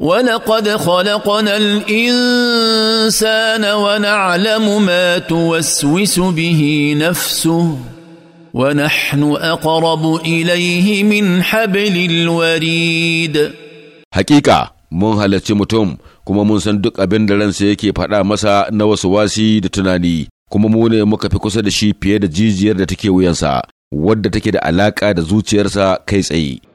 ولقد خلقنا الانسان ونعلم ما توسوس به نفسه ونحن اقرب اليه من حبل الوريد حقيقه mun halarci mutum kuma mun san duk abin da ransa yake faɗa masa na wasu wasi da tunani kuma mu ne muka fi kusa da shi fiye da jijiyar da take wuyansa wadda take da alaƙa da zuciyarsa kai tsaye